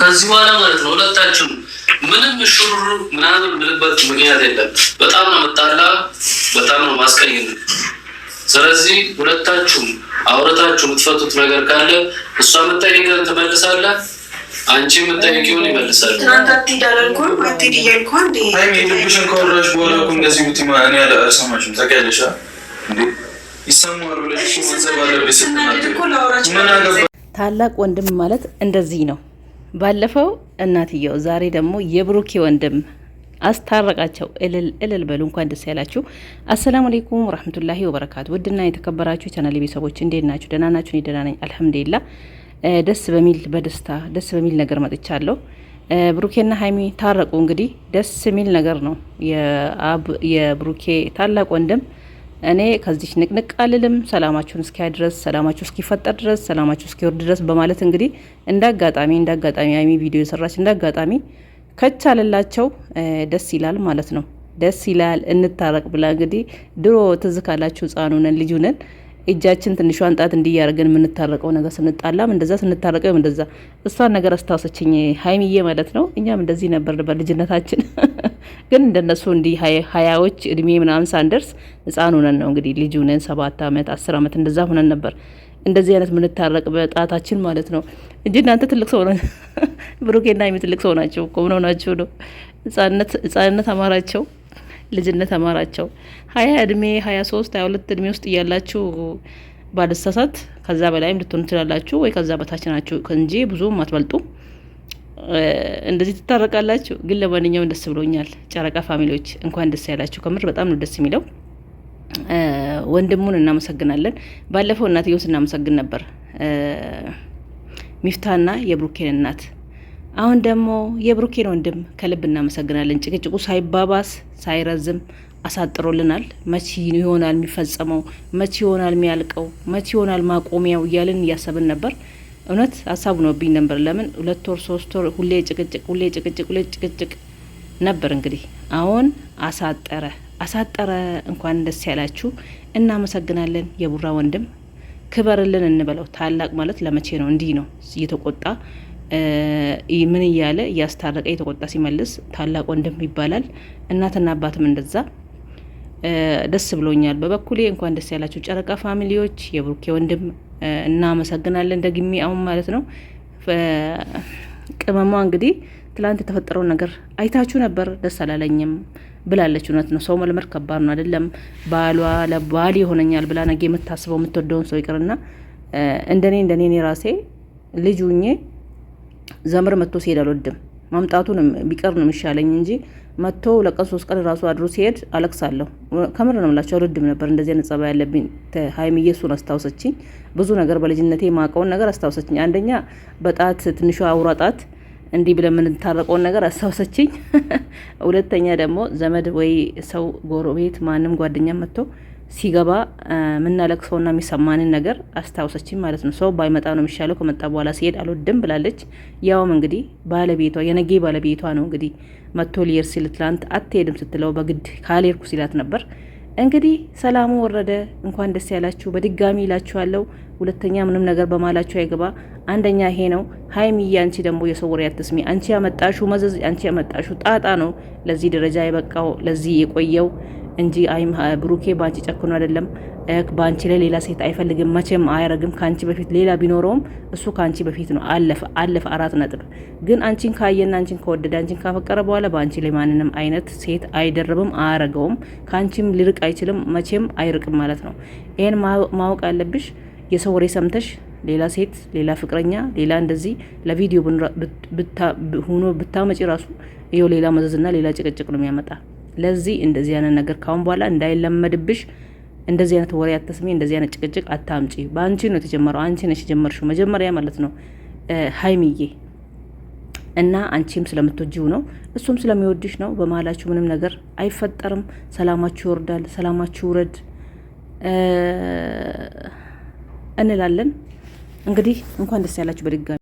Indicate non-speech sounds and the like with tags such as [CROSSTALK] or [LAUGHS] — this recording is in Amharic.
ከዚህ በኋላ ማለት ነው ሁለታችን ምንም ሹሩሩ ምናምን ምንበት ምክንያት የለም። በጣም ነው መጣላ፣ በጣም ነው ማስቀኝ። ስለዚህ ሁለታችሁም አውረታችሁ የምትፈቱት ነገር ካለ እሷ የምትጠይቀን ትመልሳለ፣ አንቺ የምትጠይቂውን ይመልሳል። ልብሽን ከወራሽ በኋላ እኮ እንደዚህ ብትማ ታላቅ ወንድም ማለት እንደዚህ ነው። ባለፈው እናትየው፣ ዛሬ ደግሞ የብሩኬ ወንድም አስታረቃቸው። እልል እልል በሉ። እንኳን ደስ ያላችሁ። አሰላሙ አሌይኩም ወረህመቱላሂ ወበረካቱ። ውድና የተከበራችሁ ቻናል ቤተሰቦች እንዴት ናችሁ? ደህና ናችሁ? እኔ ደህና ነኝ አልሐምዱሊላ። ደስ በሚል በደስታ ደስ በሚል ነገር መጥቻለሁ። ብሩኬና ሀይሚ ታረቁ። እንግዲህ ደስ የሚል ነገር ነው። የብሩኬ ታላቅ ወንድም እኔ ከዚች ንቅንቅ አልልም። ሰላማችሁን እስኪያ ድረስ ሰላማችሁ እስኪፈጠር ድረስ ሰላማችሁ እስኪወርድ ድረስ በማለት እንግዲህ እንዳጋጣሚ እንዳጋጣሚ ሀይሚ ቪዲዮ የሰራች እንዳጋጣሚ ከቻለላቸው ደስ ይላል ማለት ነው። ደስ ይላል። እንታረቅ ብላ እንግዲህ ድሮ ትዝ ካላችሁ ህጻኑነን ልጁነን እጃችን ትንሿን ጣት እንዲያደርገን የምንታረቀው ነገር ስንጣላም እንደዛ ስንታረቀው እንደዛ እሷን ነገር አስታውሰችኝ ሀይሚዬ ማለት ነው። እኛም እንደዚህ ነበር ነበር ልጅነታችን። [LAUGHS] ግን እንደነሱ እንዲህ ሀያዎች እድሜ ምናምን ሳንደርስ ህፃን ሆነን ነው እንግዲህ ልጅ ሆነን ሰባት ዓመት አስር ዓመት እንደዛ ሆነን ነበር እንደዚህ አይነት የምንታረቅ በጣታችን ማለት ነው እንጂ እናንተ ትልቅ ሰው [LAUGHS] ብሩኬና የሚ ትልቅ ሰው ናቸው እኮ ሆነው ናቸው ነው ህጻንነት አማራቸው። ልጅነት አማራቸው። ሀያ እድሜ ሀያ ሶስት ሀያ ሁለት እድሜ ውስጥ እያላችሁ ባልሳሳት ከዛ በላይም ልትሆኑ ትችላላችሁ ወይ ከዛ በታች ናችሁ እንጂ ብዙም አትበልጡ። እንደዚህ ትታረቃላችሁ። ግን ለማንኛውም ደስ ብሎኛል። ጨረቃ ፋሚሊዎች እንኳን ደስ ያላችሁ። ከምር በጣም ነው ደስ የሚለው። ወንድሙን እናመሰግናለን። ባለፈው እናትየውን ስናመሰግን ነበር ሚፍታና የብሩኬን እናት አሁን ደግሞ የብሩኬን ወንድም ከልብ እናመሰግናለን። ጭቅጭቁ ሳይባባስ ሳይረዝም አሳጥሮልናል። መቼ ይሆናል የሚፈጸመው? መቼ ይሆናል የሚያልቀው? መቼ ይሆናል ማቆሚያው? እያልን እያሰብን ነበር። እውነት ሀሳቡ ብኝ ነበር። ለምን ሁለት ወር ሶስት ወር ሁሌ ጭቅጭቅ፣ ሁሌ ጭቅጭቅ፣ ሁሌ ጭቅጭቅ ነበር። እንግዲህ አሁን አሳጠረ አሳጠረ። እንኳን ደስ ያላችሁ። እናመሰግናለን። የቡራ ወንድም ክበርልን እንበለው። ታላቅ ማለት ለመቼ ነው? እንዲህ ነው እየተቆጣ ምን እያለ እያስታረቀ የተቆጣ ሲመልስ ታላቅ ወንድም ይባላል። እናትና አባትም እንደዛ ደስ ብሎኛል። በበኩሌ እንኳን ደስ ያላቸው ጨረቃ ፋሚሊዎች፣ የብሩኬ ወንድም እናመሰግናለን። ደግሜ አሁን ማለት ነው ቅመሟ እንግዲህ ትላንት የተፈጠረውን ነገር አይታችሁ ነበር። ደስ አላለኝም ብላለች። እውነት ነው፣ ሰው መልመድ ከባድ ነው አይደለም። ባሏ ለባል ይሆነኛል ብላ ነገ የምታስበው የምትወደውን ሰው ይቅርና እንደኔ እንደኔ እኔ ራሴ ልጁኜ ዘምር መጥቶ ሲሄድ አልወድም። መምጣቱን ቢቀር ነው የሚሻለኝ እንጂ መጥቶ ለቀን ሶስት ቀን ራሱ አድሮ ሲሄድ አለቅሳለሁ። ከምር ነው የምላቸው። አልወድም ነበር እንደዚህ አይነት ጸባይ ያለብኝ። ሀይሚዬ እየሱን አስታውሰችኝ። ብዙ ነገር በልጅነቴ የማውቀውን ነገር አስታውሰችኝ። አንደኛ በጣት ትንሿ አውራ ጣት እንዲህ ብለን የምንታረቀውን ነገር አስታውሰችኝ። [LAUGHS] ሁለተኛ ደግሞ ዘመድ ወይ ሰው ጎረቤት፣ ማንም ጓደኛ መጥቶ ሲገባ የምናለቅሰውና የሚሰማንን ነገር አስታውሰች ማለት ነው። ሰው ባይመጣ ነው የሚሻለው፣ ከመጣ በኋላ ሲሄድ አልወድም ብላለች። ያውም እንግዲህ ባለቤቷ የነጌ ባለቤቷ ነው እንግዲህ መቶ ሊየር ሲል ትላንት አትሄድም ስትለው በግድ ካልሄድኩ ሲላት ነበር። እንግዲህ ሰላሙ ወረደ። እንኳን ደስ ያላችሁ በድጋሚ ይላችኋለሁ። ሁለተኛ ምንም ነገር በማላችሁ አይገባ። አንደኛ ይሄ ነው። ሀይሚዬ፣ አንቺ ደግሞ የሰው ወሬ አትስሚ። አንቺ ያመጣሹ መዘዝ፣ አንቺ ያመጣሹ ጣጣ ነው ለዚህ ደረጃ የበቃው ለዚህ የቆየው እንጂ ብሩኬ በአንቺ ጨክኖ አይደለም። በአንቺ ላይ ሌላ ሴት አይፈልግም፣ መቼም አያረግም። ከአንቺ በፊት ሌላ ቢኖረውም እሱ ከአንቺ በፊት ነው። አለፈ አለፈ፣ አራት ነጥብ። ግን አንቺን ካየና አንቺን ከወደደ አንቺን ካፈቀረ በኋላ በአንቺ ላይ ማንንም አይነት ሴት አይደርብም፣ አያረገውም። ከአንቺም ሊርቅ አይችልም፣ መቼም አይርቅም ማለት ነው። ይህን ማወቅ ያለብሽ የሰው ወሬ ሰምተሽ ሌላ ሴት ሌላ ፍቅረኛ ሌላ እንደዚህ ለቪዲዮ ሆኖ ብታመጪ ራሱ ይኸው ሌላ መዘዝና ሌላ ጭቅጭቅ ነው የሚያመጣ ለዚህ እንደዚህ አይነት ነገር ካሁን በኋላ እንዳይለመድብሽ፣ እንደዚህ አይነት ወሬ አትስሚ፣ እንደዚህ አይነት ጭቅጭቅ አታምጪ። በአንቺ ነው የተጀመረው፣ አንቺ ነሽ የጀመርሽው መጀመሪያ ማለት ነው ሀይሚዬ። እና አንቺም ስለምትወጂው ነው እሱም ስለሚወድሽ ነው። በመሀላችሁ ምንም ነገር አይፈጠርም። ሰላማችሁ ይወርዳል፣ ሰላማችሁ ውረድ እንላለን። እንግዲህ እንኳን ደስ ያላችሁ በድጋሚ